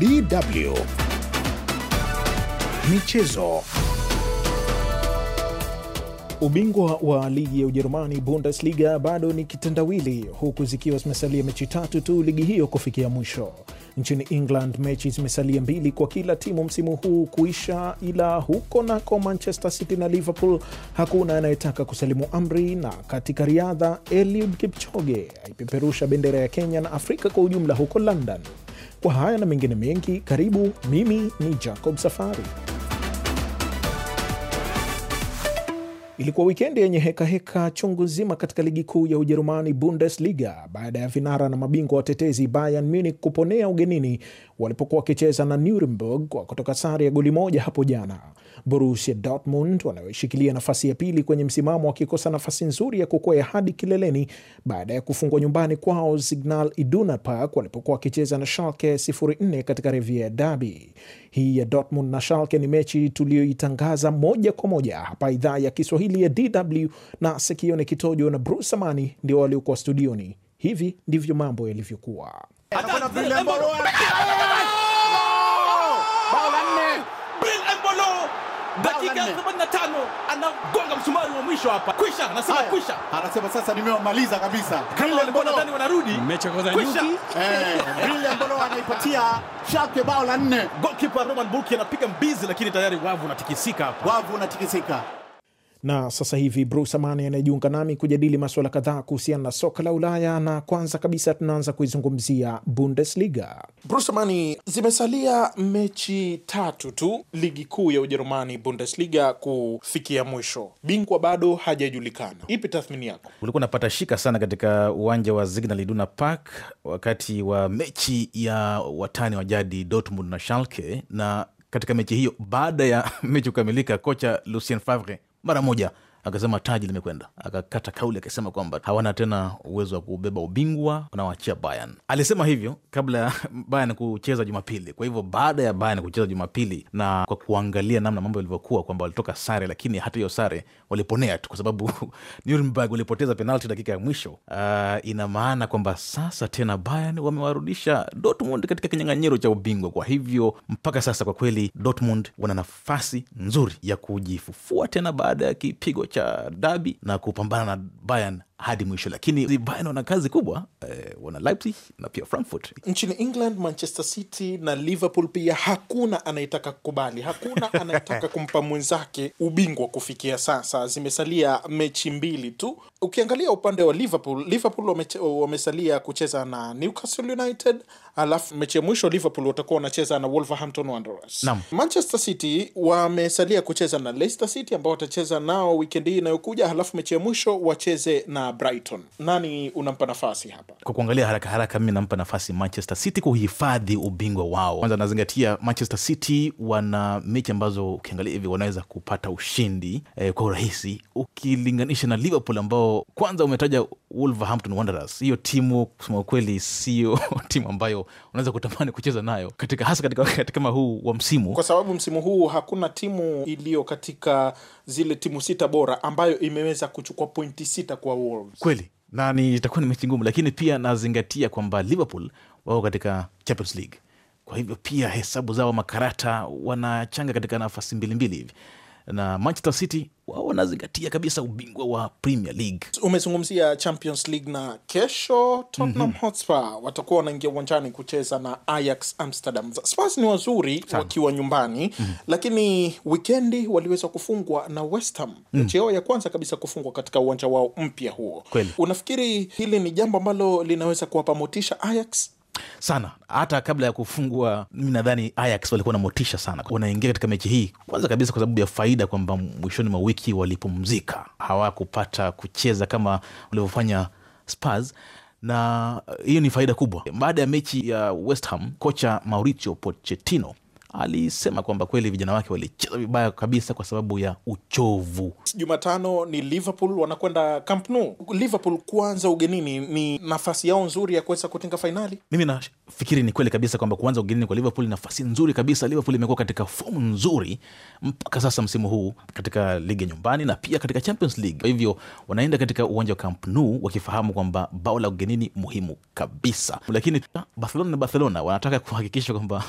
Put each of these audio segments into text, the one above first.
DW Michezo. Ubingwa wa ligi ya Ujerumani Bundesliga bado ni kitendawili, huku zikiwa zimesalia mechi tatu tu ligi hiyo kufikia mwisho. Nchini England mechi zimesalia mbili kwa kila timu msimu huu kuisha, ila huko nako Manchester City na Liverpool hakuna anayetaka kusalimu amri. Na katika riadha, Eliud Kipchoge aipeperusha bendera ya Kenya na Afrika kwa ujumla huko London. Kwa haya na mengine mengi, karibu. Mimi ni Jacob Safari. Ilikuwa wikendi yenye hekaheka chungu nzima katika ligi kuu ya Ujerumani, Bundesliga, baada ya vinara na mabingwa watetezi Bayern Munich kuponea ugenini walipokuwa wakicheza na Nuremberg kwa kutoka sare ya goli moja hapo jana. Borussia Dortmund wanayoshikilia nafasi ya pili kwenye msimamo wakikosa nafasi nzuri ya kukwea hadi kileleni baada ya kufungwa nyumbani kwao Signal Iduna Park walipokuwa wakicheza na Schalke 04 katika Riviera Derby. Hii ya Dortmund na Schalke ni mechi tuliyoitangaza moja kwa moja hapa idhaa ya Kiswahili ya DW, na Sekione Kitojo na Bruce Amani ndio waliokuwa studioni. Hivi ndivyo mambo yalivyokuwa. dakika 85 anagonga msumari wa mwisho hapa. Kwisha, anasema kwisha. Anasema sasa nimewamaliza kabisa. Kama mbona ndani wanarudi. Mmechokoza nyuki. Eh, Brilliant Mbolo anaipatia Schalke bao la 4. Goalkeeper Roman Burki anapiga mbizi, lakini tayari wavu unatikisika. hapa. Wavu unatikisika na sasa hivi Bruce Amani anayejiunga nami kujadili maswala kadhaa kuhusiana na soka la Ulaya, na kwanza kabisa tunaanza kuizungumzia Bundesliga. Bruce Amani, zimesalia mechi tatu tu ligi kuu ya Ujerumani Bundesliga kufikia mwisho, bingwa bado hajajulikana. Ipi tathmini yako? Ulikuwa unapata shika sana katika uwanja wa Signal Iduna Park wakati wa mechi ya watani wa jadi Dortmund na Schalke na katika mechi hiyo. Baada ya mechi kukamilika, kocha Lucien Favre mara moja akasema taji limekwenda. Akakata kauli akisema kwamba hawana tena uwezo wa kubeba ubingwa, wanawachia bayan Alisema hivyo kabla ya kucheza Jumapili. Kwa hivyo baada ya bayan kucheza Jumapili na kwa kuangalia namna mambo yalivyokuwa, kwamba walitoka sare, lakini hata hiyo sare waliponea tu, kwa sababu Nuremberg walipoteza penalti dakika ya mwisho. Uh, ina maana kwamba sasa tena bayan wamewarudisha Dortmund katika kinyang'anyiro cha ubingwa. Kwa hivyo mpaka sasa kwa kweli Dortmund wana nafasi nzuri ya kujifufua tena baada ya kipigo cha dabi na kupambana na bayan hadi mwisho, lakini bayan wana kazi kubwa eh, wana Leipzig na pia Frankfurt. Nchini England, Manchester City na Liverpool pia hakuna anayetaka kukubali, hakuna anayetaka kumpa mwenzake ubingwa kufikia sasa. Zimesalia mechi mbili tu. Ukiangalia upande wa Liverpool, Liverpool wame, wamesalia kucheza na Newcastle United, alafu mechi ya mwisho Liverpool watakuwa wanacheza na Wolverhampton Wanderers. Manchester City wamesalia kucheza na Leicester City ambao watacheza nao wikendi hii inayokuja, halafu mechi ya mwisho wacheze na Brighton. Nani unampa nafasi hapa kwa kuangalia Angalia haraka haraka, mi nampa nafasi Manchester City kuhifadhi ubingwa wao. Kwanza nazingatia Manchester City wana mechi ambazo ukiangalia hivi wanaweza kupata ushindi eh, kwa urahisi ukilinganisha na Liverpool ambao kwanza umetaja Wolverhampton Wanderers. Hiyo timu kusema ukweli sio timu ambayo unaweza kutamani kucheza nayo katika hasa katika wakati kama huu wa msimu, kwa sababu msimu huu hakuna timu iliyo katika zile timu sita bora ambayo imeweza kuchukua pointi sita kwa Wolves. Kweli na ni itakuwa ni mechi ngumu, lakini pia nazingatia kwamba Liverpool wako katika Champions League, kwa hivyo pia hesabu zao makarata wanachanga katika nafasi mbilimbili hivi na Manchester City wao wanazingatia kabisa ubingwa wa Premier League. Umezungumzia Champions League na kesho Tottenham mm -hmm. Hotspur watakuwa wanaingia uwanjani kucheza na Ajax Amsterdam. Spurs ni wazuri Sam. wakiwa nyumbani mm -hmm. lakini wikendi waliweza kufungwa na westham mm -hmm. mechi yao ya kwanza kabisa kufungwa katika uwanja wao mpya huo. Kweli. Unafikiri hili ni jambo ambalo linaweza kuwapamotisha Ajax? sana hata kabla ya kufungua Mi nadhani ayax walikuwa na motisha sana, wanaingia katika mechi hii kwanza kabisa kwa sababu ya faida kwamba mwishoni mwa wiki walipumzika, hawakupata kucheza kama walivyofanya Spurs na hiyo ni faida kubwa. Baada ya mechi ya westham kocha Mauricio Pochettino alisema kwamba kweli vijana wake walicheza vibaya kabisa kwa sababu ya uchovu. Jumatano ni Liverpool wanakwenda campnu Nou. Liverpool kuanza ugenini ni nafasi yao nzuri ya kuweza kutinga fainali. Mimi nafikiri ni kweli kabisa kwamba kuanza ugenini kwa Liverpool nafasi nzuri kabisa. Liverpool imekuwa katika fomu nzuri mpaka sasa msimu huu katika ligi ya nyumbani na pia katika Champions League. Kwa hivyo wanaenda katika uwanja wa campnu wakifahamu kwamba bao la ugenini muhimu kabisa, lakini ah, Barcelona na Barcelona wanataka kuhakikisha kwamba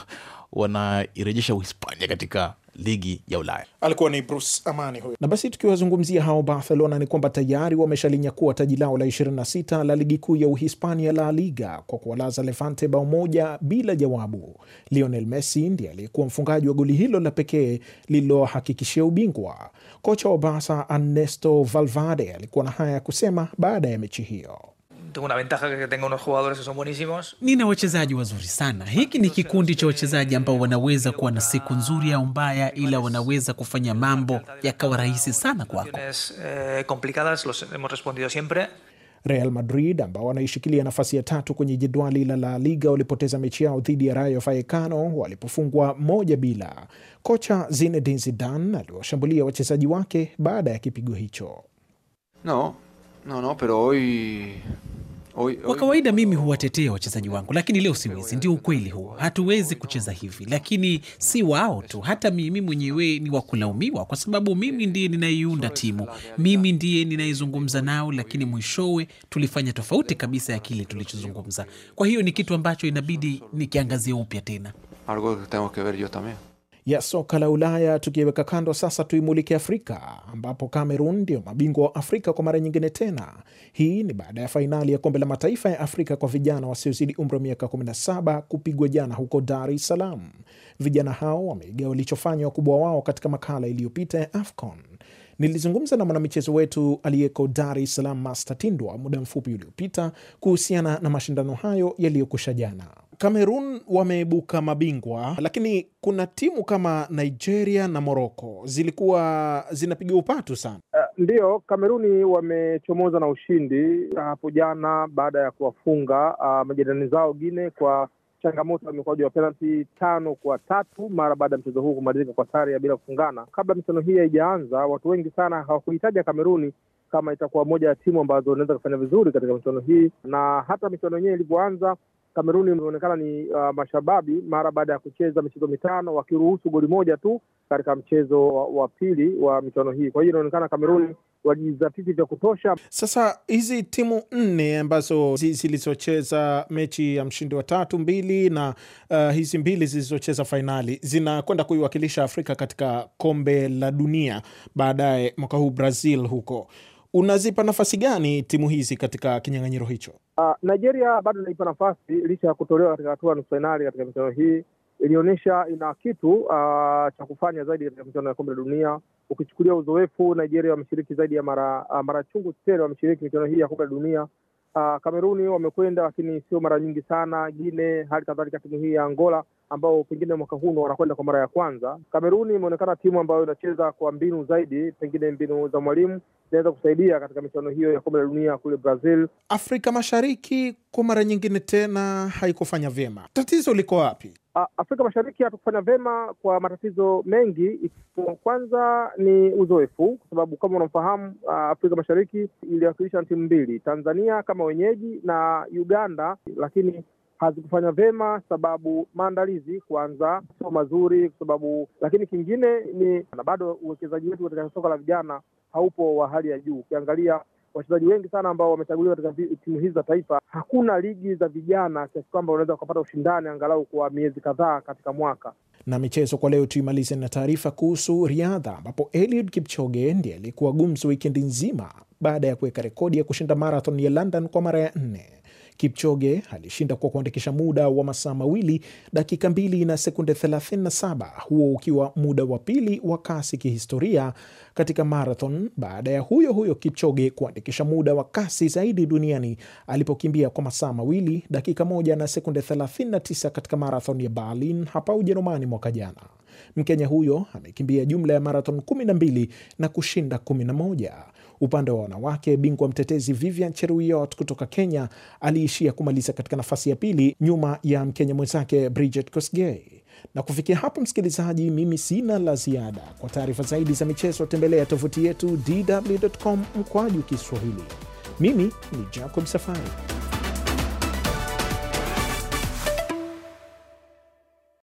wanairejesha Uhispania katika ligi ya Ulaya. Alikuwa ni Bruce Amani huyo. Na basi tukiwazungumzia hao Barcelona, ni kwamba tayari wameshalinyakua taji lao la 26 la ligi kuu ya Uhispania, La Liga, kwa kuwalaza Levante bao moja bila jawabu. Lionel Messi ndiye aliyekuwa mfungaji wa goli hilo la pekee lililohakikishia ubingwa. Kocha wa basa Ernesto valvade alikuwa na haya ya kusema baada ya mechi hiyo tengo una ventaja que tengo unos jugadores que son buenísimos. Nina wachezaji wazuri sana. Hiki ni kikundi cha wachezaji ambao wanaweza kuwa na siku nzuri au mbaya, ila wanaweza kufanya mambo yakawa rahisi sana kwako. Eh, complicadas los hemos respondido siempre. Real Madrid ambao wanaishikilia nafasi ya tatu kwenye jedwali la La Liga walipoteza mechi yao dhidi ya Rayo Vallecano walipofungwa moja bila. Kocha Zinedine Zidane aliwashambulia wachezaji wake baada ya kipigo hicho. No, no, no, pero hoy kwa kawaida mimi huwatetea wachezaji wangu, lakini leo siwezi. Ndio ukweli huu, hatuwezi kucheza hivi. Lakini si wao tu, hata mimi mwenyewe ni wa kulaumiwa, kwa sababu mimi ndiye ninaiunda timu, mimi ndiye ninaizungumza nao, lakini mwishowe tulifanya tofauti kabisa ya kile tulichozungumza. Kwa hiyo ni kitu ambacho inabidi nikiangazia upya tena ya soka la Ulaya tukiweka kando sasa, tuimulike Afrika ambapo Cameroon ndio mabingwa wa Afrika kwa mara nyingine tena. Hii ni baada ya fainali ya kombe la mataifa ya Afrika kwa vijana wasiozidi umri wa miaka 17 kupigwa jana huko Dar es Salaam. Vijana hao wameiga walichofanya wakubwa wao katika makala iliyopita ya AFCON. Nilizungumza na mwanamichezo wetu aliyeko Dar es Salaam, Master Tindwa, muda mfupi uliopita kuhusiana na mashindano hayo yaliyokusha jana. Kamerun wameibuka mabingwa, lakini kuna timu kama Nigeria na Moroko zilikuwa zinapiga upatu sana. Uh, ndio Kameruni wamechomoza na ushindi hapo jana baada ya kuwafunga uh, majirani zao Gine kwa changamoto ya mikwaju ya penalti tano kwa tatu mara baada ya mchezo huu kumalizika kwa sare ya bila kufungana. Kabla michano hii haijaanza, watu wengi sana hawakuhitaja Kameruni kama itakuwa moja ya timu ambazo inaweza kufanya vizuri katika michano hii, na hata michano yenyewe ilivyoanza Kameruni imeonekana ni uh, mashababi mara baada ya kucheza michezo mitano wakiruhusu goli moja tu katika mchezo wa, wa pili wa michuano hii. Kwa hiyo inaonekana Kameruni wajizatiti vya kutosha. Sasa hizi timu nne ambazo zilizocheza mechi ya mshindi wa tatu mbili na uh, hizi mbili zilizocheza fainali zinakwenda kuiwakilisha Afrika katika kombe la dunia baadaye mwaka huu Brazil huko Unazipa nafasi gani timu hizi katika kinyang'anyiro hicho? Uh, Nigeria bado inaipa nafasi licha ya kutolewa katika hatua nusu fainali. Katika michano hii ilionyesha ina kitu uh, cha kufanya zaidi katika michuano ya kombe la dunia. Ukichukulia uzoefu, Nigeria wameshiriki zaidi ya mara uh, mara chungu tele wameshiriki michuano hii ya kombe la dunia. Kameruni wamekwenda, lakini sio mara nyingi sana. Gine hali kadhalika, timu hii ya Angola ambao pengine mwaka huu ndo wanakwenda kwa mara ya kwanza. Kameruni imeonekana timu ambayo inacheza kwa mbinu zaidi, pengine mbinu za mwalimu inaweza kusaidia katika michuano hiyo ya kombe la dunia kule Brazil. Afrika Mashariki kwa mara nyingine tena haikufanya vyema, tatizo liko wapi? Afrika Mashariki hatukufanya vyema kwa matatizo mengi. Kwanza ni uzoefu, kwa sababu kama unamfahamu, Afrika Mashariki iliwakilisha timu mbili, Tanzania kama wenyeji na Uganda, lakini hazikufanya vyema, sababu maandalizi kwanza sio mazuri, kwa sababu lakini kingine ni na bado uwekezaji wetu katika soka la vijana haupo wa hali ya juu. Ukiangalia wachezaji wengi sana ambao wamechaguliwa katika timu hizi za taifa, hakuna ligi za vijana kiasi kwamba unaweza ukapata ushindani angalau kwa miezi kadhaa katika mwaka. Na michezo kwa leo tuimalize na taarifa kuhusu riadha, ambapo Eliud Kipchoge ndiye alikuwa gumzo wikendi nzima baada ya kuweka rekodi ya kushinda marathon ya London kwa mara ya nne. Kipchoge alishinda kwa kuandikisha muda wa masaa mawili dakika mbili na sekunde 37, huo ukiwa muda wa pili wa kasi kihistoria katika marathon baada ya huyo huyo Kipchoge kuandikisha muda wa kasi zaidi duniani alipokimbia kwa masaa mawili dakika moja na sekunde 39 katika marathon ya Berlin hapa Ujerumani mwaka jana. Mkenya huyo amekimbia jumla ya marathon 12 na kushinda 11. Upande wa wanawake, bingwa mtetezi Vivian Cheruiyot kutoka Kenya aliishia kumaliza katika nafasi ya pili nyuma ya Mkenya mwenzake Bridget Kosgei. Na kufikia hapo, msikilizaji, mimi sina la ziada. Kwa taarifa zaidi za michezo, tembelea tovuti yetu dw.com mkwaju Kiswahili. Mimi ni Jacob Safari.